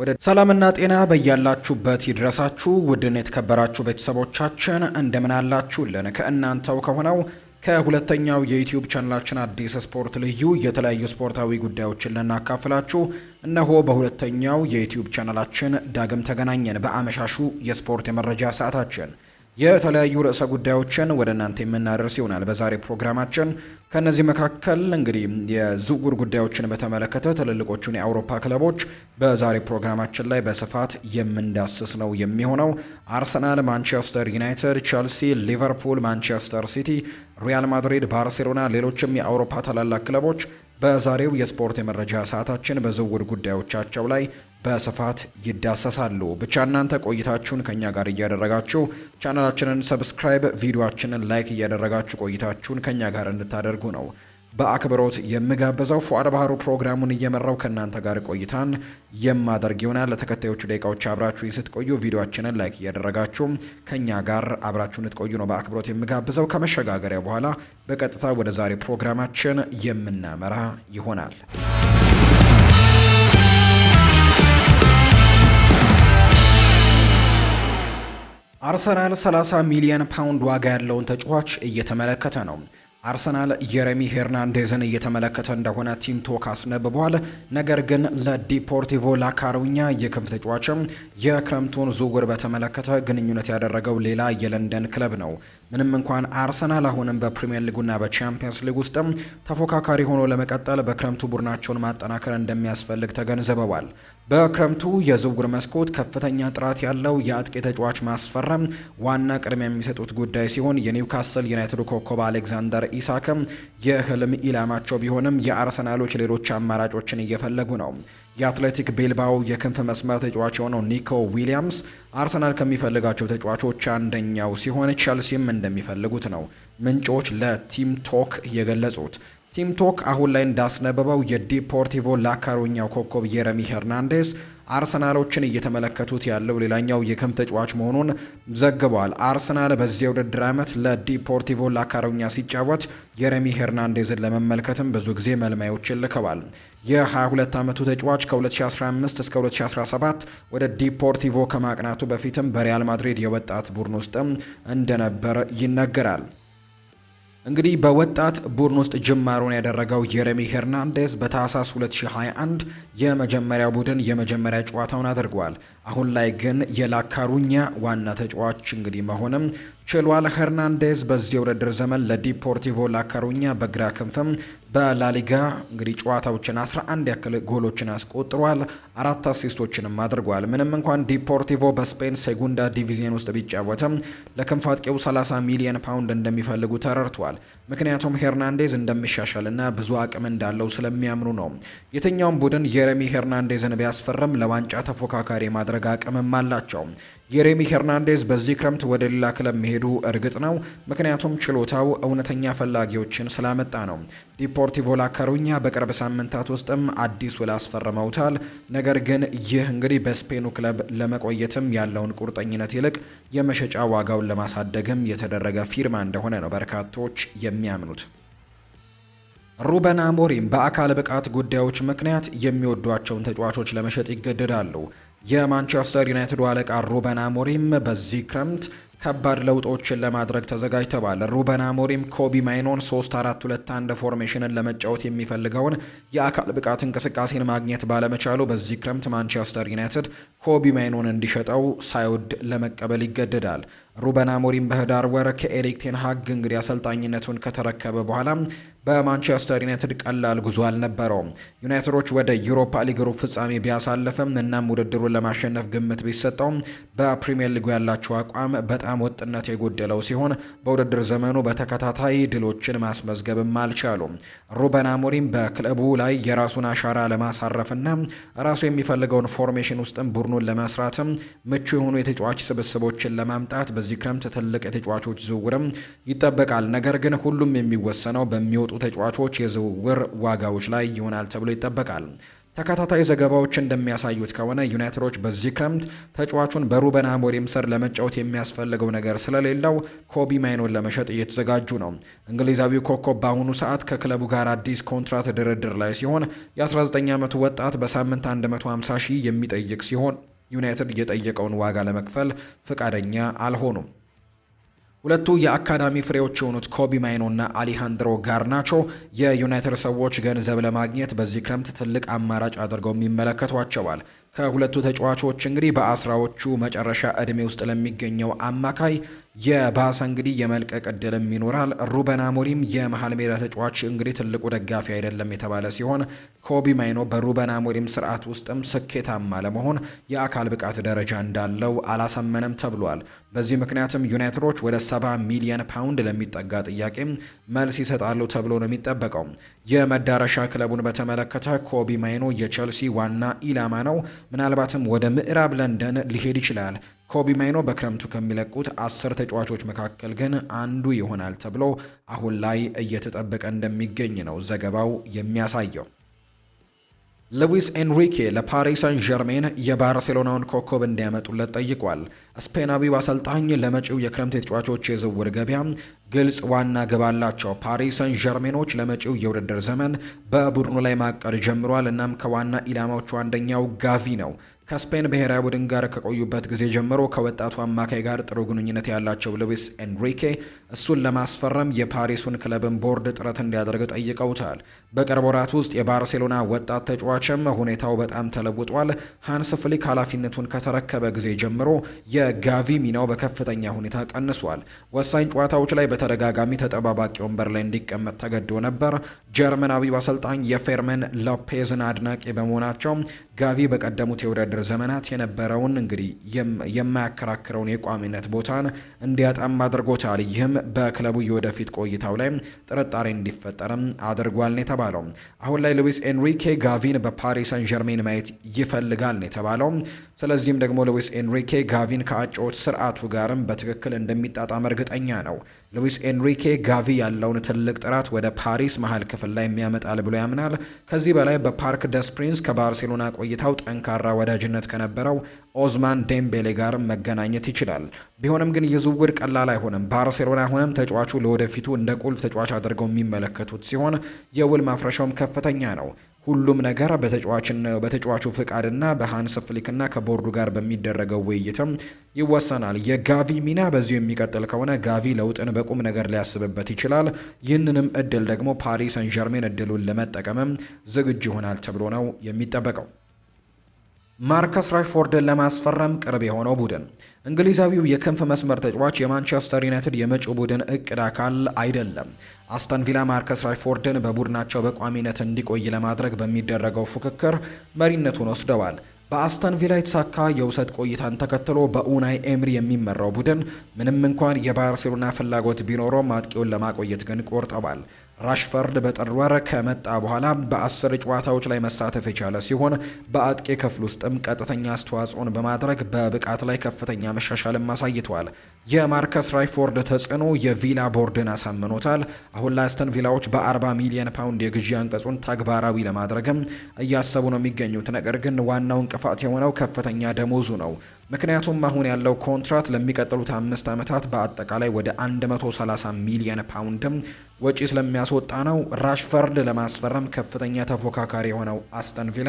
ወደ ሰላምና ጤና በያላችሁበት ይድረሳችሁ። ውድን የተከበራችሁ ቤተሰቦቻችን እንደምን አላችሁልን? ከእናንተው ከሆነው ከሁለተኛው የዩትዩብ ቻናላችን አዲስ ስፖርት ልዩ የተለያዩ ስፖርታዊ ጉዳዮችን ልናካፍላችሁ እነሆ በሁለተኛው የዩትዩብ ቻናላችን ዳግም ተገናኘን። በአመሻሹ የስፖርት የመረጃ ሰዓታችን የተለያዩ ርዕሰ ጉዳዮችን ወደ እናንተ የምናደርስ ይሆናል። በዛሬ ፕሮግራማችን ከእነዚህ መካከል እንግዲህ የዝውውር ጉዳዮችን በተመለከተ ትልልቆቹን የአውሮፓ ክለቦች በዛሬ ፕሮግራማችን ላይ በስፋት የምንዳስስ ነው የሚሆነው። አርሰናል፣ ማንቸስተር ዩናይትድ፣ ቸልሲ፣ ሊቨርፑል፣ ማንቸስተር ሲቲ፣ ሪያል ማድሪድ፣ ባርሴሎና ሌሎችም የአውሮፓ ታላላቅ ክለቦች በዛሬው የስፖርት የመረጃ ሰዓታችን በዝውውር ጉዳዮቻቸው ላይ በስፋት ይዳሰሳሉ። ብቻ እናንተ ቆይታችሁን ከኛ ጋር እያደረጋችሁ ቻናላችንን ሰብስክራይብ፣ ቪዲዮአችንን ላይክ እያደረጋችሁ ቆይታችሁን ከኛ ጋር እንድታደርጉ ነው በአክብሮት የምጋብዘው ፉአድ ባህሩ ፕሮግራሙን እየመራው ከእናንተ ጋር ቆይታን የማደርግ ይሆናል። ለተከታዮቹ ደቂቃዎች አብራችሁ ስትቆዩ ቪዲዮችንን ላይክ እያደረጋችሁ ከእኛ ጋር አብራችሁን ልትቆዩ ነው በአክብሮት የምጋብዘው። ከመሸጋገሪያ በኋላ በቀጥታ ወደ ዛሬ ፕሮግራማችን የምናመራ ይሆናል። አርሰናል 30 ሚሊዮን ፓውንድ ዋጋ ያለውን ተጫዋች እየተመለከተ ነው። አርሰናል ጀረሚ ሄርናንዴዝን እየተመለከተ እንደሆነ ቲም ቶክ አስነብቧል። ነገር ግን ለዲፖርቲቮ ላካሩኛ የክንፍ ተጫዋችም የክረምቱን ዝውውር በተመለከተ ግንኙነት ያደረገው ሌላ የለንደን ክለብ ነው። ምንም እንኳን አርሰናል አሁንም በፕሪምየር ሊጉና በቻምፒየንስ ሊግ ውስጥም ተፎካካሪ ሆኖ ለመቀጠል በክረምቱ ቡድናቸውን ማጠናከር እንደሚያስፈልግ ተገንዝበዋል። በክረምቱ የዝውውር መስኮት ከፍተኛ ጥራት ያለው የአጥቂ ተጫዋች ማስፈረም ዋና ቅድሚያ የሚሰጡት ጉዳይ ሲሆን የኒውካስል ዩናይትድ ኮከብ አሌክዛንደር ኢሳክም የህልም ኢላማቸው ቢሆንም የአርሰናሎች ሌሎች አማራጮችን እየፈለጉ ነው። የአትሌቲክ ቤልባው የክንፍ መስመር ተጫዋች የሆነው ኒኮ ዊሊያምስ አርሰናል ከሚፈልጋቸው ተጫዋቾች አንደኛው ሲሆን ቸልሲም እንደሚፈልጉት ነው ምንጮች ለቲም ቶክ የገለጹት። ቲም ቶክ አሁን ላይ እንዳስነበበው የዲፖርቲቮ ላካሮኛው ኮከብ የረሚ ሄርናንዴስ አርሰናሎችን እየተመለከቱት ያለው ሌላኛው የክም ተጫዋች መሆኑን ዘግቧል። አርሰናል በዚያ ውድድር ዓመት ለዲፖርቲቮ ላካሮኛ ሲጫወት የረሚ ሄርናንዴዝን ለመመልከትም ብዙ ጊዜ መልማዮች ልከዋል። የ22 ዓመቱ ተጫዋች ከ2015 እስከ 2017 ወደ ዲፖርቲቮ ከማቅናቱ በፊትም በሪያል ማድሪድ የወጣት ቡድን ውስጥም እንደነበር ይነገራል። እንግዲህ በወጣት ቡድን ውስጥ ጅማሮን ያደረገው የረሚ ሄርናንዴዝ በታህሳስ 2021 የመጀመሪያ ቡድን የመጀመሪያ ጨዋታውን አድርጓል። አሁን ላይ ግን የላካሩኛ ዋና ተጫዋች እንግዲህ መሆንም ቼልዋል ሄርናንዴዝ በዚህ የውድድር ዘመን ለዲፖርቲቮ ላካሩኛ በግራ ክንፍም በላሊጋ እንግዲህ ጨዋታዎችን 11 ያክል ጎሎችን አስቆጥሯል። አራት አሲስቶችንም አድርጓል። ምንም እንኳን ዲፖርቲቮ በስፔን ሴጉንዳ ዲቪዚየን ውስጥ ቢጫወትም ለክንፍ አጥቂው 30 ሚሊዮን ፓውንድ እንደሚፈልጉ ተረድቷል። ምክንያቱም ሄርናንዴዝ እንደሚሻሻልና ብዙ አቅም እንዳለው ስለሚያምኑ ነው። የትኛውም ቡድን የረሚ ሄርናንዴዝን ቢያስፈርም ለዋንጫ ተፎካካሪ ማድረግ አቅምም አላቸው። የሬሚ ሄርናንዴዝ በዚህ ክረምት ወደ ሌላ ክለብ መሄዱ እርግጥ ነው፣ ምክንያቱም ችሎታው እውነተኛ ፈላጊዎችን ስላመጣ ነው። ዲፖርቲቮ ላካሩኛ በቅርብ ሳምንታት ውስጥም አዲስ ውል አስፈርመውታል። ነገር ግን ይህ እንግዲህ በስፔኑ ክለብ ለመቆየትም ያለውን ቁርጠኝነት ይልቅ የመሸጫ ዋጋውን ለማሳደግም የተደረገ ፊርማ እንደሆነ ነው በርካቶች የሚያምኑት። ሩበን አሞሪም በአካል ብቃት ጉዳዮች ምክንያት የሚወዷቸውን ተጫዋቾች ለመሸጥ ይገደዳሉ። የማንቸስተር ዩናይትድ አለቃ ሩበን አሞሪም በዚህ ክረምት ከባድ ለውጦችን ለማድረግ ተዘጋጅተዋል። ሩበን አሞሪም ኮቢ ማይኖን 3-4-2-1 ፎርሜሽንን ለመጫወት የሚፈልገውን የአካል ብቃት እንቅስቃሴን ማግኘት ባለመቻሉ በዚህ ክረምት ማንቸስተር ዩናይትድ ኮቢ ማይኖን እንዲሸጠው ሳይወድ ለመቀበል ይገደዳል። ሩበን አሞሪም በህዳር ወር ከኤሪክ ቴንሃግ እንግዲህ አሰልጣኝነቱን ከተረከበ በኋላ በማንቸስተር ዩናይትድ ቀላል ጉዞ አልነበረውም። ዩናይትዶች ወደ ዩሮፓ ሊግ ሩብ ፍጻሜ ቢያሳልፍም እናም ውድድሩን ለማሸነፍ ግምት ቢሰጠውም በፕሪምየር ሊጉ ያላቸው አቋም በጣም በጣም ወጥነት የጎደለው ሲሆን በውድድር ዘመኑ በተከታታይ ድሎችን ማስመዝገብም አልቻሉም። ሩበን አሞሪም በክለቡ ላይ የራሱን አሻራ ለማሳረፍና ራሱ የሚፈልገውን ፎርሜሽን ውስጥም ቡድኑን ለመስራትም ምቹ የሆኑ የተጫዋች ስብስቦችን ለማምጣት በዚህ ክረምት ትልቅ የተጫዋቾች ዝውውርም ይጠበቃል። ነገር ግን ሁሉም የሚወሰነው በሚወጡ ተጫዋቾች የዝውውር ዋጋዎች ላይ ይሆናል ተብሎ ይጠበቃል። ተከታታይ ዘገባዎች እንደሚያሳዩት ከሆነ ዩናይትዶች በዚህ ክረምት ተጫዋቹን በሩበን አሞሪም ስር ለመጫወት የሚያስፈልገው ነገር ስለሌለው ኮቢ ማይኖን ለመሸጥ እየተዘጋጁ ነው። እንግሊዛዊው ኮከብ በአሁኑ ሰዓት ከክለቡ ጋር አዲስ ኮንትራት ድርድር ላይ ሲሆን የ19 ዓመቱ ወጣት በሳምንት 150 ሺህ የሚጠይቅ ሲሆን ዩናይትድ የጠየቀውን ዋጋ ለመክፈል ፍቃደኛ አልሆኑም። ሁለቱ የአካዳሚ ፍሬዎች የሆኑት ኮቢ ማይኖ ና አሊሃንድሮ ጋርናቾ የዩናይትድ ሰዎች ገንዘብ ለማግኘት በዚህ ክረምት ትልቅ አማራጭ አድርገው የሚመለከቷቸዋል። ከሁለቱ ተጫዋቾች እንግዲህ በአስራዎቹ መጨረሻ እድሜ ውስጥ ለሚገኘው አማካይ የባሰ እንግዲህ የመልቀቅ እድልም ይኖራል። ሩበን አሞሪም የመሀል ሜዳ ተጫዋች እንግዲህ ትልቁ ደጋፊ አይደለም የተባለ ሲሆን ኮቢ ማይኖ በሩበን አሞሪም ስርዓት ውስጥም ስኬታማ ለመሆን የአካል ብቃት ደረጃ እንዳለው አላሳመነም ተብሏል። በዚህ ምክንያትም ዩናይትዶች ወደ 70 ሚሊየን ፓውንድ ለሚጠጋ ጥያቄ መልስ ይሰጣሉ ተብሎ ነው የሚጠበቀው። የመዳረሻ ክለቡን በተመለከተ ኮቢ ማይኖ የቼልሲ ዋና ኢላማ ነው። ምናልባትም ወደ ምዕራብ ለንደን ሊሄድ ይችላል። ኮቢ ማይኖ በክረምቱ ከሚለቁት አስር ተጫዋቾች መካከል ግን አንዱ ይሆናል ተብሎ አሁን ላይ እየተጠበቀ እንደሚገኝ ነው ዘገባው የሚያሳየው። ሉዊስ ኤንሪኬ ለፓሪስ ሳን ዠርሜን የባርሴሎናውን ኮከብ እንዲያመጡለት ጠይቋል። ስፔናዊው አሰልጣኝ ለመጪው የክረምት የተጫዋቾች የዝውውር ገበያ ግልጽ ዋና ግብ አላቸው። ፓሪስ ሳን ዠርሜኖች ለመጪው የውድድር ዘመን በቡድኑ ላይ ማቀድ ጀምሯል። እናም ከዋና ኢላማዎቹ አንደኛው ጋቪ ነው። ከስፔን ብሔራዊ ቡድን ጋር ከቆዩበት ጊዜ ጀምሮ ከወጣቱ አማካይ ጋር ጥሩ ግንኙነት ያላቸው ሉዊስ ኤንሪኬ እሱን ለማስፈረም የፓሪሱን ክለብን ቦርድ ጥረት እንዲያደርግ ጠይቀውታል። በቅርብ ወራት ውስጥ የባርሴሎና ወጣት ተጫዋችም ሁኔታው በጣም ተለውጧል። ሃንስ ፍሊክ ኃላፊነቱን ከተረከበ ጊዜ ጀምሮ የጋቪ ሚናው በከፍተኛ ሁኔታ ቀንሷል። ወሳኝ ጨዋታዎች ላይ በተደጋጋሚ ተጠባባቂ ወንበር ላይ እንዲቀመጥ ተገዶ ነበር። ጀርመናዊ አሰልጣኝ የፌርመን ሎፔዝን አድናቂ በመሆናቸው ጋቪ በቀደሙት የውድድር ዘመናት የነበረውን እንግዲህ የማያከራክረውን የቋሚነት ቦታን እንዲያጣም አድርጎታል። ይህም በክለቡ የወደፊት ቆይታው ላይ ጥርጣሬ እንዲፈጠርም አድርጓል። የተባለው። አሁን ላይ ሉዊስ ኤንሪኬ ጋቪን በፓሪስ ሰን ጀርሜን ማየት ይፈልጋል ነው የተባለው። ስለዚህም ደግሞ ሉዊስ ኤንሪኬ ጋቪን ከአጨዋወት ስርዓቱ ጋርም በትክክል እንደሚጣጣም እርግጠኛ ነው። ሉዊስ ኤንሪኬ ጋቪ ያለውን ትልቅ ጥራት ወደ ፓሪስ መሀል ክፍል ላይ የሚያመጣል ብሎ ያምናል። ከዚህ በላይ በፓርክ ደስ ፕሪንስ ከባርሴሎና ቆይታው ጠንካራ ወዳጅነት ከነበረው ኦዝማን ዴምቤሌ ጋር መገናኘት ይችላል። ቢሆንም ግን የዝውውር ቀላል አይሆንም። ባርሴሎና አሁንም ተጫዋቹ ለወደፊቱ እንደ ቁልፍ ተጫዋች አድርገው የሚመለከቱት ሲሆን የውል ማፍረሻውም ከፍተኛ ነው። ሁሉም ነገር በተጫዋቹ ፍቃድና በሃንስ ፍሊክና ከቦርዱ ጋር በሚደረገው ውይይትም ይወሰናል። የጋቪ ሚና በዚሁ የሚቀጥል ከሆነ ጋቪ ለውጥን በቁም ነገር ሊያስብበት ይችላል። ይህንንም እድል ደግሞ ፓሪስ ሰን ዠርሜን እድሉን ለመጠቀምም ዝግጁ ይሆናል ተብሎ ነው የሚጠበቀው። ማርከስ ራሽፎርድን ለማስፈረም ቅርብ የሆነው ቡድን እንግሊዛዊው የክንፍ መስመር ተጫዋች የማንቸስተር ዩናይትድ የመጪው ቡድን እቅድ አካል አይደለም። አስተን ቪላ ማርከስ ራሽፎርድን በቡድናቸው በቋሚነት እንዲቆይ ለማድረግ በሚደረገው ፉክክር መሪነቱን ወስደዋል። በአስተን ቪላ የተሳካ የውሰት ቆይታን ተከትሎ በኡናይ ኤምሪ የሚመራው ቡድን ምንም እንኳን የባርሴሎና ፍላጎት ቢኖረውም አጥቂውን ለማቆየት ግን ቆርጠዋል። ራሽፈርድ በጥር ወር ከመጣ በኋላ በአስር ጨዋታዎች ላይ መሳተፍ የቻለ ሲሆን በአጥቂ ክፍል ውስጥም ቀጥተኛ አስተዋጽኦን በማድረግ በብቃት ላይ ከፍተኛ መሻሻልም አሳይቷል። የማርከስ ራሽፎርድ ተጽዕኖ የቪላ ቦርድን አሳምኖታል። አሁን ለአስተን ቪላዎች በ40 ሚሊዮን ፓውንድ የግዢ አንቀጹን ተግባራዊ ለማድረግም እያሰቡ ነው የሚገኙት። ነገር ግን ዋናው እንቅፋት የሆነው ከፍተኛ ደሞዙ ነው። ምክንያቱም አሁን ያለው ኮንትራት ለሚቀጥሉት አምስት ዓመታት በአጠቃላይ ወደ 130 ሚሊየን ፓውንድም ወጪ ስለሚያስወጣ ነው። ራሽፈርድ ለማስፈረም ከፍተኛ ተፎካካሪ የሆነው አስተን ቪላ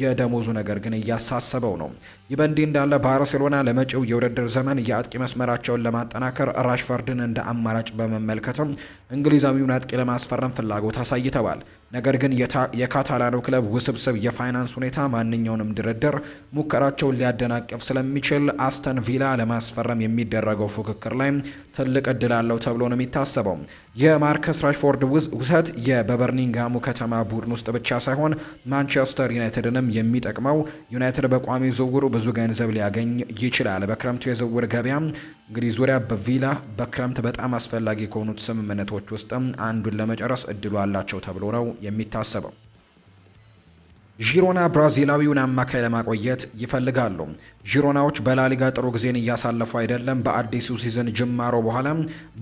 የደሞዙ ነገር ግን እያሳሰበው ነው። ይህ በእንዲህ እንዳለ ባርሴሎና ለመጪው የውድድር ዘመን የአጥቂ መስመራቸውን ለማጠናከር ራሽፈርድን እንደ አማራጭ በመመልከትም እንግሊዛዊውን አጥቂ ለማስፈረም ፍላጎት አሳይተዋል። ነገር ግን የካታላኑ ክለብ ውስብስብ የፋይናንስ ሁኔታ ማንኛውንም ድርድር ሙከራቸውን ሊያደናቅፍ ስለሚችል አስተን ቪላ ለማስፈረም የሚደረገው ፉክክር ላይ ትልቅ እድል አለው ተብሎ ነው የሚታሰበው። የማርከስ ራሽፎርድ ውሰት የበበርኒንጋሙ ከተማ ቡድን ውስጥ ብቻ ሳይሆን ማንቸስተር ዩናይትድን ቢሆንም የሚጠቅመው ዩናይትድ በቋሚ ዝውውሩ ብዙ ገንዘብ ሊያገኝ ይችላል። በክረምቱ የዝውውር ገበያ እንግዲህ ዙሪያ በቪላ በክረምት በጣም አስፈላጊ ከሆኑት ስምምነቶች ውስጥም አንዱን ለመጨረስ እድሉ አላቸው ተብሎ ነው የሚታሰበው። ዢሮና ብራዚላዊውን አማካይ ለማቆየት ይፈልጋሉ። ዢሮናዎች በላሊጋ ጥሩ ጊዜን እያሳለፉ አይደለም። በአዲሱ ሲዝን ጅማሮ በኋላ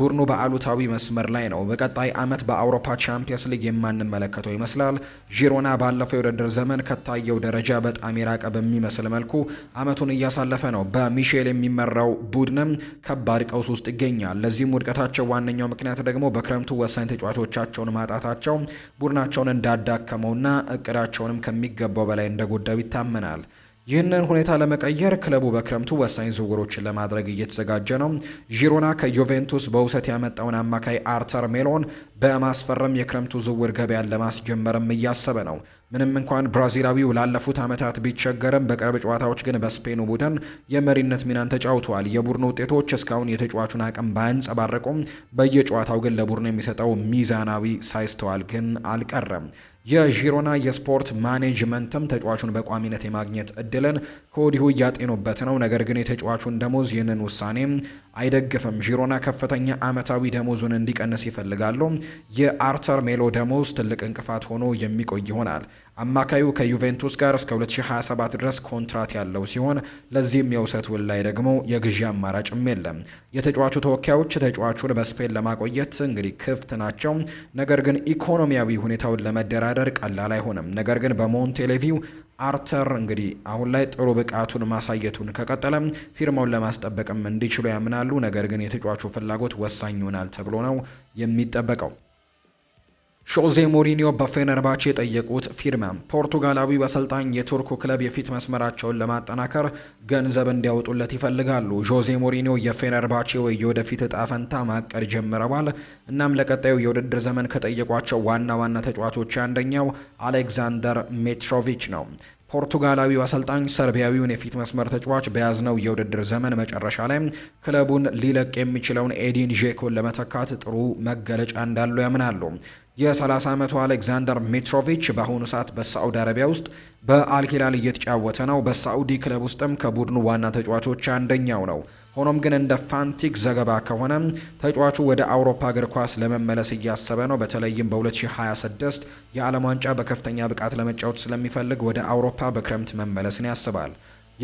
ቡድኑ በአሉታዊ መስመር ላይ ነው። በቀጣይ ዓመት በአውሮፓ ቻምፒየንስ ሊግ የማንመለከተው ይመስላል። ዢሮና ባለፈው የውድድር ዘመን ከታየው ደረጃ በጣም የራቀ በሚመስል መልኩ ዓመቱን እያሳለፈ ነው። በሚሼል የሚመራው ቡድንም ከባድ ቀውስ ውስጥ ይገኛል። ለዚህም ውድቀታቸው ዋነኛው ምክንያት ደግሞ በክረምቱ ወሳኝ ተጫዋቾቻቸውን ማጣታቸው ቡድናቸውን እንዳዳከመውና እቅዳቸውንም ከሚ ከሚገባው በላይ እንደጎዳው ይታመናል። ይህንን ሁኔታ ለመቀየር ክለቡ በክረምቱ ወሳኝ ዝውውሮችን ለማድረግ እየተዘጋጀ ነው። ዢሮና ከዩቬንቱስ በውሰት ያመጣውን አማካይ አርተር ሜሎን በማስፈረም የክረምቱ ዝውውር ገበያን ለማስጀመርም እያሰበ ነው። ምንም እንኳን ብራዚላዊው ላለፉት ዓመታት ቢቸገርም በቅርብ ጨዋታዎች ግን በስፔኑ ቡድን የመሪነት ሚናን ተጫውተዋል። የቡድኑ ውጤቶች እስካሁን የተጫዋቹን አቅም ባያንጸባረቁም በየጨዋታው ግን ለቡድኑ የሚሰጠው ሚዛናዊ ሳይስተዋል ግን አልቀረም። የዢሮና የስፖርት ማኔጅመንትም ተጫዋቹን በቋሚነት የማግኘት እድልን ከወዲሁ እያጤኑበት ነው። ነገር ግን የተጫዋቹን ደሞዝ ይህንን ውሳኔ አይደግፍም። ዢሮና ከፍተኛ አመታዊ ደሞዙን እንዲቀንስ ይፈልጋሉ። የአርተር ሜሎ ደሞዝ ትልቅ እንቅፋት ሆኖ የሚቆይ ይሆናል። አማካዩ ከዩቬንቱስ ጋር እስከ 2027 ድረስ ኮንትራት ያለው ሲሆን ለዚህም የውሰት ውል ላይ ደግሞ የግዢ አማራጭም የለም። የተጫዋቹ ተወካዮች ተጫዋቹን በስፔን ለማቆየት እንግዲህ ክፍት ናቸው። ነገር ግን ኢኮኖሚያዊ ሁኔታውን ለመደራደር ቀላል አይሆንም። ነገር ግን በሞንቴሌቪው አርተር እንግዲህ አሁን ላይ ጥሩ ብቃቱን ማሳየቱን ከቀጠለም ፊርማውን ለማስጠበቅም እንዲችሉ ያምናሉ። ነገር ግን የተጫዋቹ ፍላጎት ወሳኝ ይሆናል ተብሎ ነው የሚጠበቀው። ሾዜ ሞሪኒዮ በፌነርባች የጠየቁት ፊርማ ፖርቱጋላዊ አሰልጣኝ የቱርኩ ክለብ የፊት መስመራቸውን ለማጠናከር ገንዘብ እንዲያወጡለት ይፈልጋሉ። ዦዜ ሞሪኒዮ የፌነርባቼ የወደፊት እጣ ፈንታ ማቀድ ጀምረዋል። እናም ለቀጣዩ የውድድር ዘመን ከጠየቋቸው ዋና ዋና ተጫዋቾች አንደኛው አሌክዛንደር ሜትሮቪች ነው። ፖርቱጋላዊው አሰልጣኝ ሰርቢያዊውን የፊት መስመር ተጫዋች በያዝነው የውድድር ዘመን መጨረሻ ላይ ክለቡን ሊለቅ የሚችለውን ኤዲን ዤኮን ለመተካት ጥሩ መገለጫ እንዳለው ያምናሉ። የ30 ዓመቱ አሌክዛንደር ሚትሮቪች በአሁኑ ሰዓት በሳዑዲ አረቢያ ውስጥ በአልኪላል እየተጫወተ ነው። በሳዑዲ ክለብ ውስጥም ከቡድኑ ዋና ተጫዋቾች አንደኛው ነው። ሆኖም ግን እንደ ፋንቲክ ዘገባ ከሆነ ተጫዋቹ ወደ አውሮፓ እግር ኳስ ለመመለስ እያሰበ ነው። በተለይም በ2026 የዓለም ዋንጫ በከፍተኛ ብቃት ለመጫወት ስለሚፈልግ ወደ አውሮፓ በክረምት መመለስን ያስባል።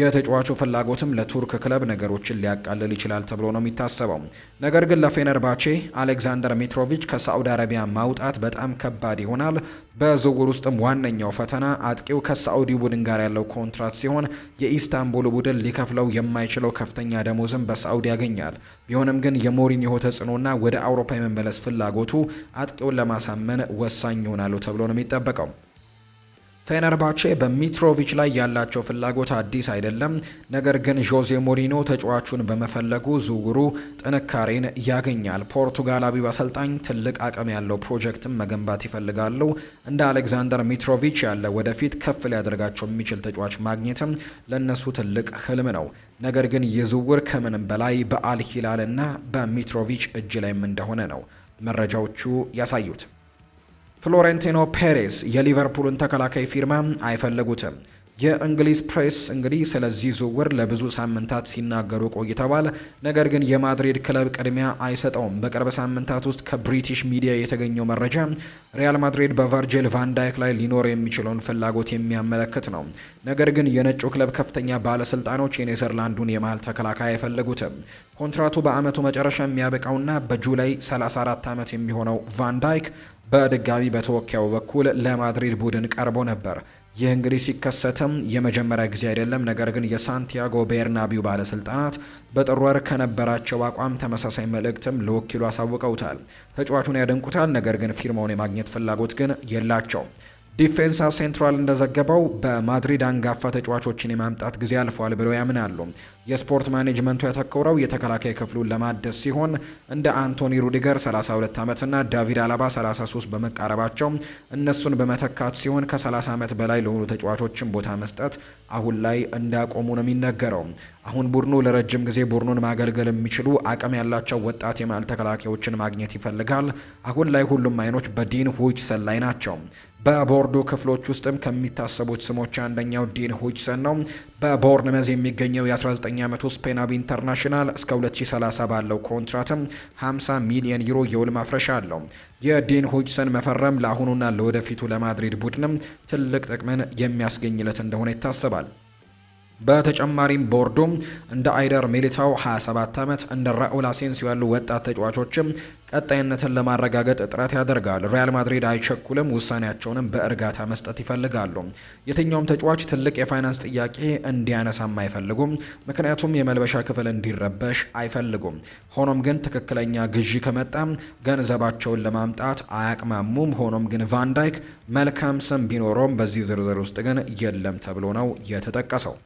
የተጫዋቹ ፍላጎትም ለቱርክ ክለብ ነገሮችን ሊያቃልል ይችላል ተብሎ ነው የሚታሰበው። ነገር ግን ለፌነርባቼ አሌክዛንደር ሚትሮቪች ከሳዑዲ አረቢያ ማውጣት በጣም ከባድ ይሆናል። በዝውውር ውስጥም ዋነኛው ፈተና አጥቂው ከሳዑዲ ቡድን ጋር ያለው ኮንትራት ሲሆን የኢስታንቡል ቡድን ሊከፍለው የማይችለው ከፍተኛ ደሞዝም በሳዑዲ ያገኛል። ቢሆንም ግን የሞሪኒሆ ተጽዕኖና ወደ አውሮፓ የመመለስ ፍላጎቱ አጥቂውን ለማሳመን ወሳኝ ይሆናሉ ተብሎ ነው የሚጠበቀው። ፌነርባቼ በሚትሮቪች ላይ ያላቸው ፍላጎት አዲስ አይደለም። ነገር ግን ዦዜ ሞሪኖ ተጫዋቹን በመፈለጉ ዝውውሩ ጥንካሬን ያገኛል። ፖርቱጋላዊው አሰልጣኝ ትልቅ አቅም ያለው ፕሮጀክትን መገንባት ይፈልጋሉ። እንደ አሌክዛንደር ሚትሮቪች ያለ ወደፊት ከፍ ሊያደርጋቸው የሚችል ተጫዋች ማግኘትም ለእነሱ ትልቅ ህልም ነው። ነገር ግን ይህ ዝውውር ከምንም በላይ በአልሂላልና በሚትሮቪች እጅ ላይም እንደሆነ ነው መረጃዎቹ ያሳዩት። ፍሎሬንቲኖ ፔሬስ የሊቨርፑልን ተከላካይ ፊርማ አይፈልጉትም። የእንግሊዝ ፕሬስ እንግዲህ ስለዚህ ዝውውር ለብዙ ሳምንታት ሲናገሩ ቆይተዋል። ነገር ግን የማድሪድ ክለብ ቅድሚያ አይሰጠውም። በቅርብ ሳምንታት ውስጥ ከብሪቲሽ ሚዲያ የተገኘው መረጃ ሪያል ማድሪድ በቨርጅል ቫንዳይክ ላይ ሊኖር የሚችለውን ፍላጎት የሚያመለክት ነው። ነገር ግን የነጩ ክለብ ከፍተኛ ባለስልጣኖች የኔዘርላንዱን የመሀል ተከላካይ አይፈልጉትም። ኮንትራቱ በአመቱ መጨረሻ የሚያበቃውና በጁላይ 34 ዓመት የሚሆነው ቫንዳይክ በድጋሚ በተወካዩ በኩል ለማድሪድ ቡድን ቀርቦ ነበር። ይህ እንግዲህ ሲከሰትም የመጀመሪያ ጊዜ አይደለም። ነገር ግን የሳንቲያጎ ቤርናቢው ባለስልጣናት በጥር ወር ከነበራቸው አቋም ተመሳሳይ መልእክትም ለወኪሉ አሳውቀውታል። ተጫዋቹን ያደንቁታል፣ ነገር ግን ፊርማውን የማግኘት ፍላጎት ግን የላቸውም። ዲፌንሳ ሴንትራል እንደዘገበው በማድሪድ አንጋፋ ተጫዋቾችን የማምጣት ጊዜ አልፏል ብለው ያምናሉ። የስፖርት ማኔጅመንቱ ያተኮረው የተከላካይ ክፍሉን ለማደስ ሲሆን እንደ አንቶኒ ሩዲገር 32 ዓመትና ዳቪድ አላባ 33 በመቃረባቸው እነሱን በመተካት ሲሆን ከ30 ዓመት በላይ ለሆኑ ተጫዋቾችን ቦታ መስጠት አሁን ላይ እንዳቆሙ ነው የሚነገረው። አሁን ቡድኑ ለረጅም ጊዜ ቡድኑን ማገልገል የሚችሉ አቅም ያላቸው ወጣት የማል ተከላካዮችን ማግኘት ይፈልጋል። አሁን ላይ ሁሉም አይኖች በዲን ሁይችሰን ላይ ናቸው። በቦርዱ ክፍሎች ውስጥም ከሚታሰቡት ስሞች አንደኛው ዲን ሁጅሰን ነው። በቦርንመዝ የሚገኘው የ19 ዓመቱ ስፔናዊ ኢንተርናሽናል እስከ 2030 ባለው ኮንትራትም 50 ሚሊዮን ዩሮ የውል ማፍረሻ አለው። የዲን ሁጅሰን መፈረም ለአሁኑና ለወደፊቱ ለማድሪድ ቡድንም ትልቅ ጥቅምን የሚያስገኝለት እንደሆነ ይታሰባል። በተጨማሪም ቦርዱ እንደ አይደር ሚሊታው 27 ዓመት እንደ ራኡል አሴንሲዮ ያሉ ወጣት ተጫዋቾችም ቀጣይነትን ለማረጋገጥ ጥረት ያደርጋል። ሪያል ማድሪድ አይቸኩልም፣ ውሳኔያቸውንም በእርጋታ መስጠት ይፈልጋሉ። የትኛውም ተጫዋች ትልቅ የፋይናንስ ጥያቄ እንዲያነሳም አይፈልጉም፣ ምክንያቱም የመልበሻ ክፍል እንዲረበሽ አይፈልጉም። ሆኖም ግን ትክክለኛ ግዢ ከመጣ ገንዘባቸውን ለማምጣት አያቅማሙም። ሆኖም ግን ቫንዳይክ መልካም ስም ቢኖረውም በዚህ ዝርዝር ውስጥ ግን የለም ተብሎ ነው የተጠቀሰው።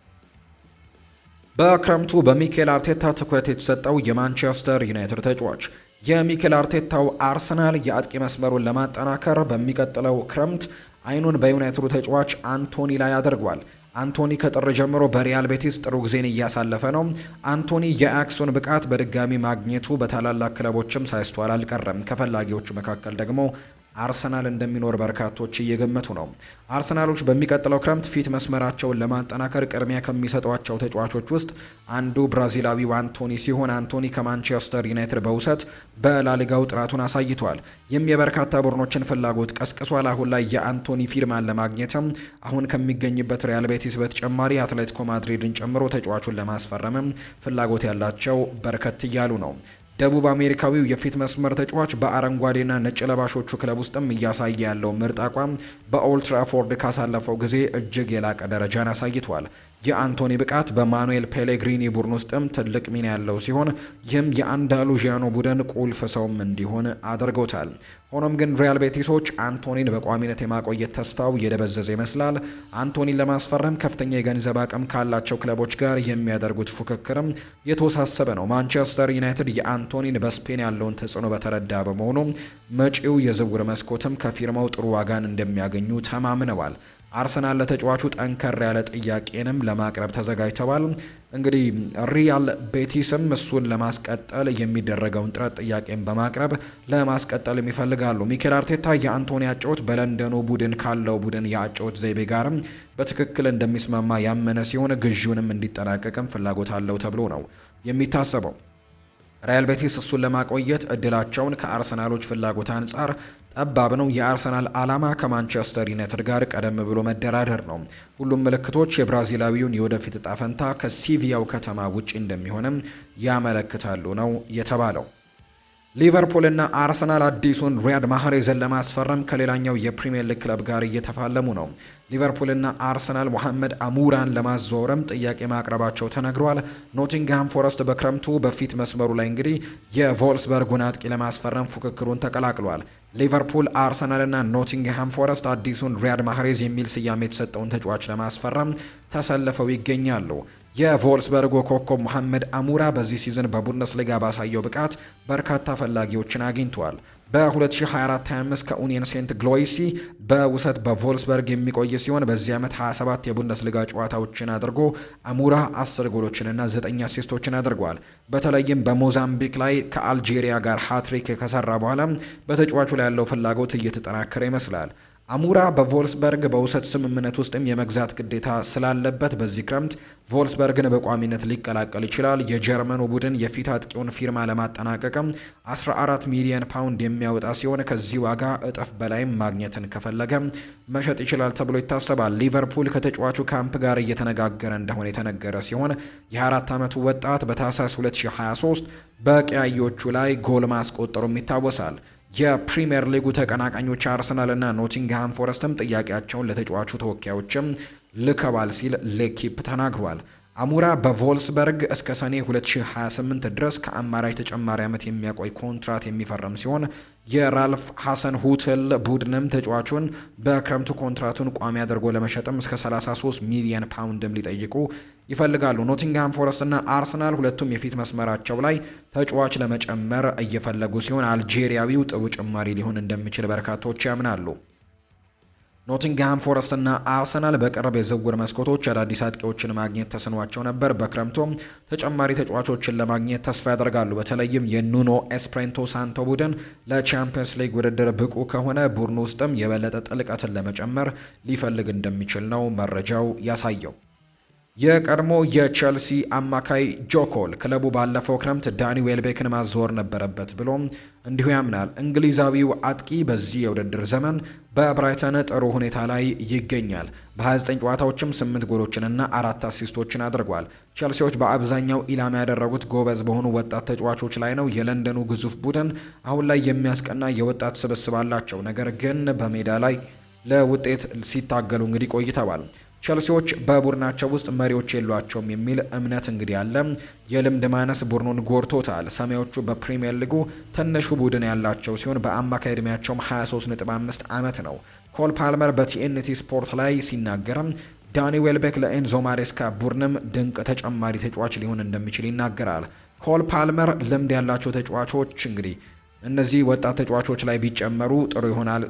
በክረምቱ በሚኬል አርቴታ ትኩረት የተሰጠው የማንቸስተር ዩናይትድ ተጫዋች የሚኬል አርቴታው አርሰናል የአጥቂ መስመሩን ለማጠናከር በሚቀጥለው ክረምት አይኑን በዩናይትዱ ተጫዋች አንቶኒ ላይ አድርጓል። አንቶኒ ከጥር ጀምሮ በሪያል ቤቲስ ጥሩ ጊዜን እያሳለፈ ነው። አንቶኒ የአክሱን ብቃት በድጋሚ ማግኘቱ በታላላቅ ክለቦችም ሳይስተዋል አልቀረም። ከፈላጊዎቹ መካከል ደግሞ አርሰናል እንደሚኖር በርካቶች እየገመቱ ነው። አርሰናሎች በሚቀጥለው ክረምት ፊት መስመራቸውን ለማጠናከር ቅድሚያ ከሚሰጧቸው ተጫዋቾች ውስጥ አንዱ ብራዚላዊው አንቶኒ ሲሆን አንቶኒ ከማንቸስተር ዩናይትድ በውሰት በላሊጋው ጥራቱን አሳይቷል። ይህም የበርካታ ቡድኖችን ፍላጎት ቀስቅሷል። አሁን ላይ የአንቶኒ ፊርማን ለማግኘትም አሁን ከሚገኝበት ሪያል ቤቲስ በተጨማሪ አትሌቲኮ ማድሪድን ጨምሮ ተጫዋቹን ለማስፈረምም ፍላጎት ያላቸው በርከት እያሉ ነው። ደቡብ አሜሪካዊው የፊት መስመር ተጫዋች በአረንጓዴና ነጭ ለባሾቹ ክለብ ውስጥም እያሳየ ያለው ምርጥ አቋም በኦልትራፎርድ ካሳለፈው ጊዜ እጅግ የላቀ ደረጃን አሳይቷል። የአንቶኒ ብቃት በማኑኤል ፔሌግሪኒ ቡድን ውስጥም ትልቅ ሚና ያለው ሲሆን ይህም የአንዳሉዥያኖ ቡድን ቁልፍ ሰውም እንዲሆን አድርጎታል። ሆኖም ግን ሪያል ቤቲሶች አንቶኒን በቋሚነት የማቆየት ተስፋው እየደበዘዘ ይመስላል። አንቶኒን ለማስፈረም ከፍተኛ የገንዘብ አቅም ካላቸው ክለቦች ጋር የሚያደርጉት ፉክክርም የተወሳሰበ ነው። ማንቸስተር ዩናይትድ የአንቶኒን በስፔን ያለውን ተጽዕኖ በተረዳ በመሆኑ መጪው የዝውውር መስኮትም ከፊርማው ጥሩ ዋጋን እንደሚያገኙ ተማምነዋል። አርሰናል ለተጫዋቹ ጠንከር ያለ ጥያቄንም ለማቅረብ ተዘጋጅተዋል። እንግዲህ ሪያል ቤቲስም እሱን ለማስቀጠል የሚደረገውን ጥረት ጥያቄን በማቅረብ ለማስቀጠልም ይፈልጋሉ። ሚኬል አርቴታ የአንቶኒ አጨዋወት በለንደኑ ቡድን ካለው ቡድን የአጨዋወት ዘይቤ ጋርም በትክክል እንደሚስማማ ያመነ ሲሆን ግዢውንም እንዲጠናቀቅም ፍላጎት አለው ተብሎ ነው የሚታሰበው። ሪያል ቤቲስ እሱን ለማቆየት እድላቸውን ከአርሰናሎች ፍላጎት አንጻር ጠባብ ነው። የአርሰናል ዓላማ ከማንቸስተር ዩናይትድ ጋር ቀደም ብሎ መደራደር ነው። ሁሉም ምልክቶች የብራዚላዊውን የወደፊት እጣ ፈንታ ከሲቪያው ከተማ ውጪ እንደሚሆንም ያመለክታሉ ነው የተባለው። ሊቨርፑል እና አርሰናል አዲሱን ሪያድ ማህሬዝን ለማስፈረም ከሌላኛው የፕሪምየር ሊግ ክለብ ጋር እየተፋለሙ ነው። ሊቨርፑል አርሰናል ሞሐመድ አሙራን ለማዘወረም ጥያቄ ማቅረባቸው ተነግሯል። ኖቲንግሃም ፎረስት በክረምቱ በፊት መስመሩ ላይ እንግዲህ የቮልስበርጉን አጥቂ ለማስፈረም ፉክክሩን ተቀላቅሏል። ሊቨርፑል፣ አርሰናል እና ኖቲንግሃም ፎረስት አዲሱን ሪያድ ማህሬዝ የሚል ስያሜ የተሰጠውን ተጫዋች ለማስፈረም ተሰልፈው ይገኛሉ። የቮልስበርጎ ኮከብ መሐመድ አሙራ በዚህ ሲዝን በቡንደስሊጋ ባሳየው ብቃት በርካታ ፈላጊዎችን አግኝቷል። በ2024-25 ከኡኒየን ሴንት ግሎይሲ በውሰት በቮልስበርግ የሚቆይ ሲሆን በዚህ ዓመት 27 የቡንደስሊጋ ጨዋታዎችን አድርጎ አሙራ 10 ጎሎችንና 9 አሲስቶችን አድርጓል። በተለይም በሞዛምቢክ ላይ ከአልጄሪያ ጋር ሃትሪክ ከሰራ በኋላ በተጫዋቹ ላይ ያለው ፍላጎት እየተጠናከረ ይመስላል። አሙራ በቮልስበርግ በውሰት ስምምነት ውስጥም የመግዛት ግዴታ ስላለበት በዚህ ክረምት ቮልስበርግን በቋሚነት ሊቀላቀል ይችላል። የጀርመኑ ቡድን የፊት አጥቂውን ፊርማ ለማጠናቀቅም 14 ሚሊዮን ፓውንድ የሚያወጣ ሲሆን ከዚህ ዋጋ እጥፍ በላይም ማግኘትን ከፈለገ መሸጥ ይችላል ተብሎ ይታሰባል። ሊቨርፑል ከተጫዋቹ ካምፕ ጋር እየተነጋገረ እንደሆነ የተነገረ ሲሆን የ24 ዓመቱ ወጣት በታህሳስ 2023 በቀያዮቹ ላይ ጎል ማስቆጠሩም ይታወሳል። የፕሪምየር ሊጉ ተቀናቃኞች አርሰናል እና ኖቲንግሃም ፎረስትም ጥያቄያቸውን ለተጫዋቹ ተወካዮችም ልከባል ሲል ሌኪፕ ተናግሯል። አሙራ በቮልስበርግ እስከ ሰኔ 2028 ድረስ ከአማራጭ ተጨማሪ ዓመት የሚያቆይ ኮንትራት የሚፈርም ሲሆን የራልፍ ሀሰን ሁትል ቡድንም ተጫዋቹን በክረምቱ ኮንትራቱን ቋሚ አድርጎ ለመሸጥም እስከ 33 ሚሊየን ፓውንድም ሊጠይቁ ይፈልጋሉ። ኖቲንግሃም ፎረስት እና አርሰናል ሁለቱም የፊት መስመራቸው ላይ ተጫዋች ለመጨመር እየፈለጉ ሲሆን አልጄሪያዊው ጥሩ ጭማሪ ሊሆን እንደሚችል በርካቶች ያምናሉ። ኖቲንግሃም ፎረስት እና አርሰናል በቅርብ የዝውውር መስኮቶች አዳዲስ አጥቂዎችን ማግኘት ተስኗቸው ነበር። በክረምቶም ተጨማሪ ተጫዋቾችን ለማግኘት ተስፋ ያደርጋሉ። በተለይም የኑኖ ኤስፕሬንቶ ሳንቶ ቡድን ለቻምፒየንስ ሊግ ውድድር ብቁ ከሆነ ቡድን ውስጥም የበለጠ ጥልቀትን ለመጨመር ሊፈልግ እንደሚችል ነው መረጃው ያሳየው። የቀድሞ የቸልሲ አማካይ ጆኮል ክለቡ ባለፈው ክረምት ዳኒ ዌልቤክን ማዞር ነበረበት ብሎ እንዲሁ ያምናል። እንግሊዛዊው አጥቂ በዚህ የውድድር ዘመን በብራይተን ጥሩ ሁኔታ ላይ ይገኛል። በ29 ጨዋታዎችም 8 ጎሎችንና አራት አሲስቶችን አድርጓል። ቸልሲዎች በአብዛኛው ኢላማ ያደረጉት ጎበዝ በሆኑ ወጣት ተጫዋቾች ላይ ነው። የለንደኑ ግዙፍ ቡድን አሁን ላይ የሚያስቀና የወጣት ስብስብ አላቸው። ነገር ግን በሜዳ ላይ ለውጤት ሲታገሉ እንግዲህ ቆይተዋል። ቸልሲዎች በቡድናቸው ውስጥ መሪዎች የሏቸውም የሚል እምነት እንግዲህ አለ። የልምድ ማነስ ቡድኑን ጎድቶታል። ሰማዮቹ በፕሪምየር ሊጉ ትንሹ ቡድን ያላቸው ሲሆን በአማካይ ዕድሜያቸውም 23.5 ዓመት ነው። ኮል ፓልመር በቲኤንቲ ስፖርት ላይ ሲናገርም ዳኒ ዌልቤክ ለኤንዞ ማሬስካ ቡድንም ድንቅ ተጨማሪ ተጫዋች ሊሆን እንደሚችል ይናገራል። ኮል ፓልመር ልምድ ያላቸው ተጫዋቾች እንግዲህ እነዚህ ወጣት ተጫዋቾች ላይ ቢጨመሩ ጥሩ ይሆናል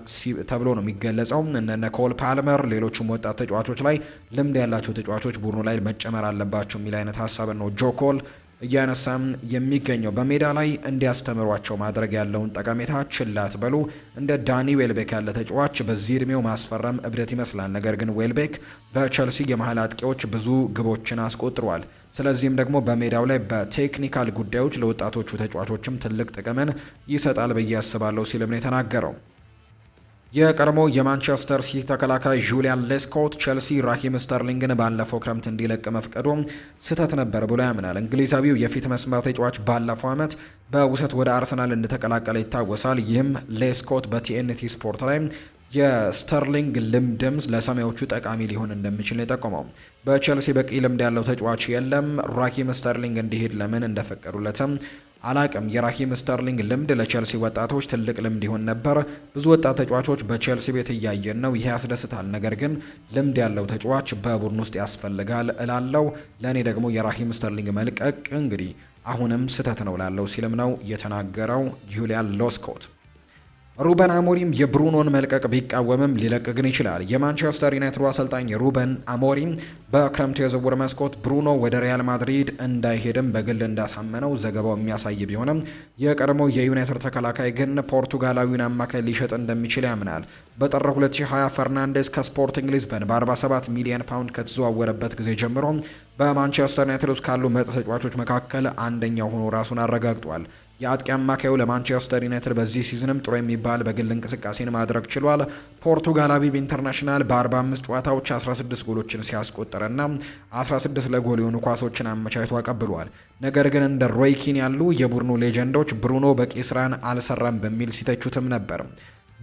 ተብሎ ነው የሚገለጸው። እነ ኮል ፓልመር፣ ሌሎችም ወጣት ተጫዋቾች ላይ ልምድ ያላቸው ተጫዋቾች ቡድኑ ላይ መጨመር አለባቸው የሚል አይነት ሀሳብን ነው ጆኮል እያነሳም የሚገኘው በሜዳ ላይ እንዲያስተምሯቸው ማድረግ ያለውን ጠቀሜታ ችላት በሉ እንደ ዳኒ ዌልቤክ ያለ ተጫዋች በዚህ እድሜው ማስፈረም እብደት ይመስላል። ነገር ግን ዌልቤክ በቸልሲ የመሀል አጥቂዎች ብዙ ግቦችን አስቆጥሯል። ስለዚህም ደግሞ በሜዳው ላይ በቴክኒካል ጉዳዮች ለወጣቶቹ ተጫዋቾችም ትልቅ ጥቅምን ይሰጣል ብዬ አስባለሁ ሲልም ነው የተናገረው። የቀድሞ የማንቸስተር ሲቲ ተከላካይ ጁሊያን ሌስኮት ቸልሲ ራሂም ስተርሊንግን ባለፈው ክረምት እንዲለቅ መፍቀዱ ስህተት ነበር ብሎ ያምናል። እንግሊዛዊው የፊት መስመር ተጫዋች ባለፈው ዓመት በውሰት ወደ አርሰናል እንደተቀላቀለ ይታወሳል። ይህም ሌስኮት በቲኤንቲ ስፖርት ላይ የስተርሊንግ ልምድም ለሰማያዎቹ ጠቃሚ ሊሆን እንደሚችል ነው የጠቆመው። በቸልሲ በቂ ልምድ ያለው ተጫዋች የለም። ራኪም ስተርሊንግ እንዲሄድ ለምን እንደፈቀዱለትም አላቅም የራሂም ስተርሊንግ ልምድ ለቼልሲ ወጣቶች ትልቅ ልምድ ይሆን ነበር። ብዙ ወጣት ተጫዋቾች በቼልሲ ቤት እያየን ነው። ይሄ ያስደስታል። ነገር ግን ልምድ ያለው ተጫዋች በቡድን ውስጥ ያስፈልጋል እላለው። ለእኔ ደግሞ የራሂም ስተርሊንግ መልቀቅ እንግዲህ አሁንም ስህተት ነው ላለው ሲልም ነው የተናገረው ጁሊያን ሎስኮት። ሩበን አሞሪም የብሩኖን መልቀቅ ቢቃወምም ሊለቅ ግን ይችላል። የማንቸስተር ዩናይትድ አሰልጣኝ ሩበን አሞሪም በክረምቱ የዝውውር መስኮት ብሩኖ ወደ ሪያል ማድሪድ እንዳይሄድም በግል እንዳሳመነው ዘገባው የሚያሳይ ቢሆንም የቀድሞ የዩናይትድ ተከላካይ ግን ፖርቱጋላዊውን አማካይ ሊሸጥ እንደሚችል ያምናል። በጥር 2020 ፈርናንዴስ ከስፖርቲንግ ሊዝበን በ47 ሚሊዮን ፓውንድ ከተዘዋወረበት ጊዜ ጀምሮ በማንቸስተር ዩናይትድ ውስጥ ካሉ ምርጥ ተጫዋቾች መካከል አንደኛው ሆኖ ራሱን አረጋግጧል። የአጥቂ አማካዩ ለማንቸስተር ዩናይትድ በዚህ ሲዝንም ጥሩ የሚባል በግል እንቅስቃሴን ማድረግ ችሏል። ፖርቱጋላዊ ኢንተርናሽናል በ45 ጨዋታዎች 16 ጎሎችን ሲያስቆጠረና 16 ለጎል የሆኑ ኳሶችን አመቻችቶ አቀብሏል። ነገር ግን እንደ ሮይኪን ያሉ የቡድኑ ሌጀንዶች ብሩኖ በቂ ስራን አልሰራም በሚል ሲተቹትም ነበር።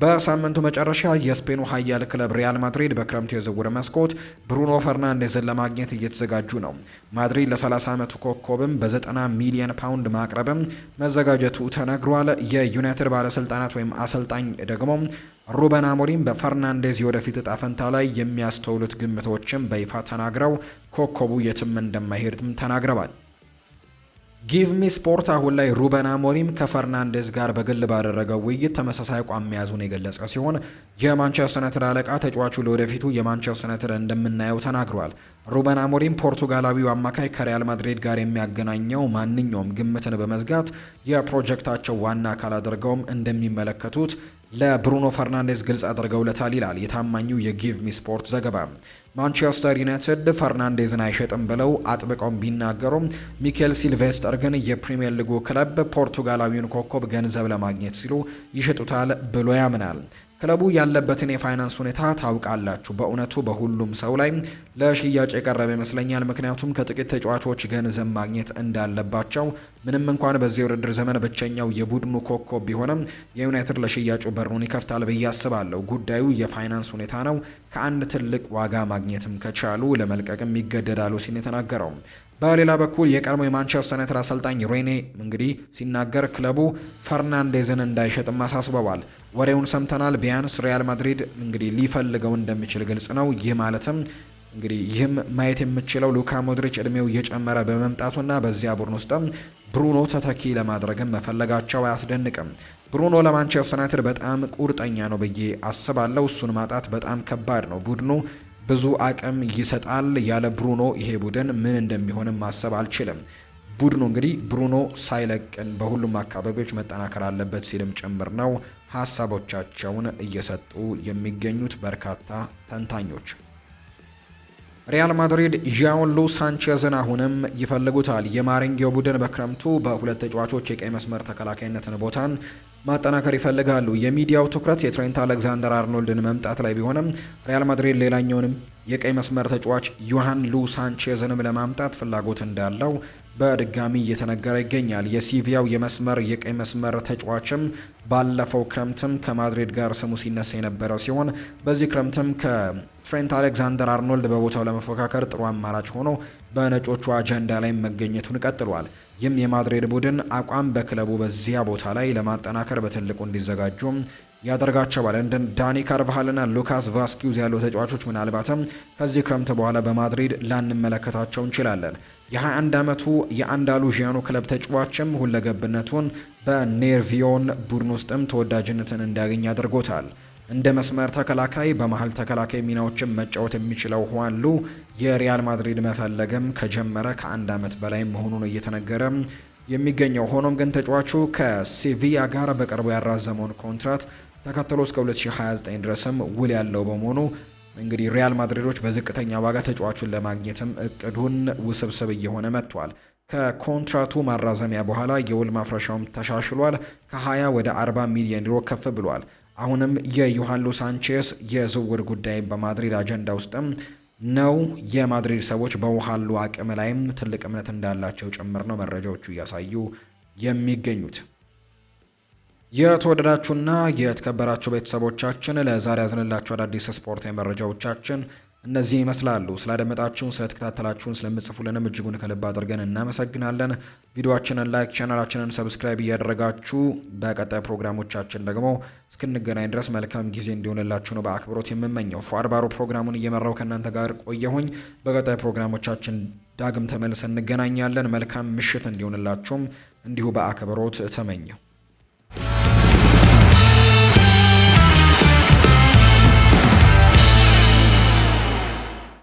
በሳምንቱ መጨረሻ የስፔኑ ኃያል ክለብ ሪያል ማድሪድ በክረምቱ የዝውውር መስኮት ብሩኖ ፈርናንዴዝን ለማግኘት እየተዘጋጁ ነው። ማድሪድ ለ30 ዓመቱ ኮከብም በ90 ሚሊዮን ፓውንድ ማቅረብም መዘጋጀቱ ተነግሯል። የዩናይትድ ባለስልጣናት ወይም አሰልጣኝ ደግሞ ሩበን አሞሪም በፈርናንዴዝ የወደፊት እጣ ፈንታ ላይ የሚያስተውሉት ግምቶችም በይፋ ተናግረው ኮከቡ የትም እንደማይሄድም ተናግረዋል። ጊቭ ሚ ስፖርት አሁን ላይ ሩበን አሞሪም ከፈርናንዴዝ ጋር በግል ባደረገው ውይይት ተመሳሳይ አቋም መያዙን የገለጸ ሲሆን የማንቸስተር ዩናይትድ አለቃ ተጫዋቹ ለወደፊቱ የማንቸስተር ዩናይትድ እንደምናየው ተናግሯል። ሩበን አሞሪም ፖርቱጋላዊው አማካይ ከሪያል ማድሪድ ጋር የሚያገናኘው ማንኛውም ግምትን በመዝጋት የፕሮጀክታቸው ዋና አካል አድርገውም እንደሚመለከቱት ለብሩኖ ፈርናንዴዝ ግልጽ አድርገውለታል ይላል የታማኙ የጊቭ ሚ ስፖርት ዘገባ። ማንቸስተር ዩናይትድ ፈርናንዴዝን አይሸጥም ብለው አጥብቀውም ቢናገሩም ሚኬል ሲልቬስተር ግን የፕሪምየር ሊጉ ክለብ ፖርቱጋላዊውን ኮከብ ገንዘብ ለማግኘት ሲሉ ይሸጡታል ብሎ ያምናል። ክለቡ ያለበትን የፋይናንስ ሁኔታ ታውቃላችሁ። በእውነቱ በሁሉም ሰው ላይ ለሽያጭ የቀረበ ይመስለኛል። ምክንያቱም ከጥቂት ተጫዋቾች ገንዘብ ማግኘት እንዳለባቸው ምንም እንኳን በዚህ ውድድር ዘመን ብቸኛው የቡድኑ ኮከብ ቢሆንም የዩናይትድ ለሽያጩ በሩን ይከፍታል ብዬ አስባለሁ። ጉዳዩ የፋይናንስ ሁኔታ ነው። ከአንድ ትልቅ ዋጋ ማግኘትም ከቻሉ ለመልቀቅም ይገደዳሉ ሲል የተናገረው በሌላ በኩል የቀድሞ የማንቸስተር ዩናይትድ አሰልጣኝ ሬኔ እንግዲህ ሲናገር ክለቡ ፈርናንዴዝን እንዳይሸጥም አሳስበዋል። ወሬውን ሰምተናል፣ ቢያንስ ሪያል ማድሪድ እንግዲህ ሊፈልገው እንደሚችል ግልጽ ነው። ይህ ማለትም እንግዲህ ይህም ማየት የምችለው ሉካ ሞድሪች እድሜው እየጨመረ በመምጣቱና በዚያ ቡድን ውስጥም ብሩኖ ተተኪ ለማድረግም መፈለጋቸው አያስደንቅም። ብሩኖ ለማንቸስተር ዩናይትድ በጣም ቁርጠኛ ነው ብዬ አስባለሁ። እሱን ማጣት በጣም ከባድ ነው። ቡድኑ ብዙ አቅም ይሰጣል። ያለ ብሩኖ ይሄ ቡድን ምን እንደሚሆንም ማሰብ አልችልም። ቡድኑ እንግዲህ ብሩኖ ሳይለቅን በሁሉም አካባቢዎች መጠናከር አለበት ሲልም ጭምር ነው ሀሳቦቻቸውን እየሰጡ የሚገኙት በርካታ ተንታኞች። ሪያል ማድሪድ ዣንሉ ሳንቼዝን አሁንም ይፈልጉታል። የማሪንጌው ቡድን በክረምቱ በሁለት ተጫዋቾች የቀይ መስመር ተከላካይነትን ቦታን ማጠናከር ይፈልጋሉ። የሚዲያው ትኩረት የትሬንት አሌክዛንደር አርኖልድን መምጣት ላይ ቢሆንም ሪያል ማድሪድ ሌላኛውንም የቀይ መስመር ተጫዋች ዮሐን ሉ ሳንቼዝንም ለማምጣት ፍላጎት እንዳለው በድጋሚ እየተነገረ ይገኛል። የሲቪያው የመስመር የቀይ መስመር ተጫዋችም ባለፈው ክረምትም ከማድሪድ ጋር ስሙ ሲነሳ የነበረ ሲሆን በዚህ ክረምትም ከትሬንት አሌክዛንደር አርኖልድ በቦታው ለመፎካከር ጥሩ አማራጭ ሆኖ በነጮቹ አጀንዳ ላይ መገኘቱን ቀጥሏል። ይህም የማድሪድ ቡድን አቋም በክለቡ በዚያ ቦታ ላይ ለማጠናከር በትልቁ እንዲዘጋጁ ያደርጋቸዋል። እንደ ዳኒ ካርቫሃልና ሉካስ ቫስኪዩዝ ያሉ ተጫዋቾች ምናልባትም ከዚህ ክረምት በኋላ በማድሪድ ላንመለከታቸው እንችላለን። የ21 ዓመቱ የአንዳሉዥያኑ ክለብ ተጫዋችም ሁለገብነቱን በኔርቪዮን ቡድን ውስጥም ተወዳጅነትን እንዲያገኝ አድርጎታል። እንደ መስመር ተከላካይ በመሀል ተከላካይ ሚናዎችን መጫወት የሚችለው ሁዋንሉ የሪያል ማድሪድ መፈለግም ከጀመረ ከአንድ ዓመት በላይ መሆኑን እየተነገረ የሚገኘው ሆኖም ግን ተጫዋቹ ከሴቪያ ጋር በቅርቡ ያራዘመውን ኮንትራት ተከትሎ እስከ 2029 ድረስም ውል ያለው በመሆኑ እንግዲህ ሪያል ማድሪዶች በዝቅተኛ ዋጋ ተጫዋቹን ለማግኘትም እቅዱን ውስብስብ እየሆነ መጥቷል። ከኮንትራቱ ማራዘሚያ በኋላ የውል ማፍረሻውም ተሻሽሏል። ከ20 ወደ 40 ሚሊዮን ዩሮ ከፍ ብሏል። አሁንም የዮሐን ሎ ሳንቼስ የዝውውር ጉዳይ በማድሪድ አጀንዳ ውስጥም ነው። የማድሪድ ሰዎች በዮሃን አቅም ላይም ትልቅ እምነት እንዳላቸው ጭምር ነው መረጃዎቹ እያሳዩ የሚገኙት። የተወደዳችሁና የተከበራችሁ ቤተሰቦቻችን ለዛሬ ያዝንላችሁ አዳዲስ ስፖርታዊ መረጃዎቻችን እነዚህን ይመስላሉ። ስላደመጣችሁን፣ ስለተከታተላችሁን፣ ስለምጽፉልንም እጅጉን ከልብ አድርገን እናመሰግናለን። ቪዲዮችንን ላይክ፣ ቻናላችንን ሰብስክራይብ እያደረጋችሁ በቀጣይ ፕሮግራሞቻችን ደግሞ እስክንገናኝ ድረስ መልካም ጊዜ እንዲሆንላችሁ ነው በአክብሮት የምመኘው። ፏር ፕሮግራሙን እየመራው ከእናንተ ጋር ቆየሁኝ። በቀጣይ ፕሮግራሞቻችን ዳግም ተመልሰ እንገናኛለን። መልካም ምሽት እንዲሆንላችሁም እንዲሁ በአክብሮት ተመኘው።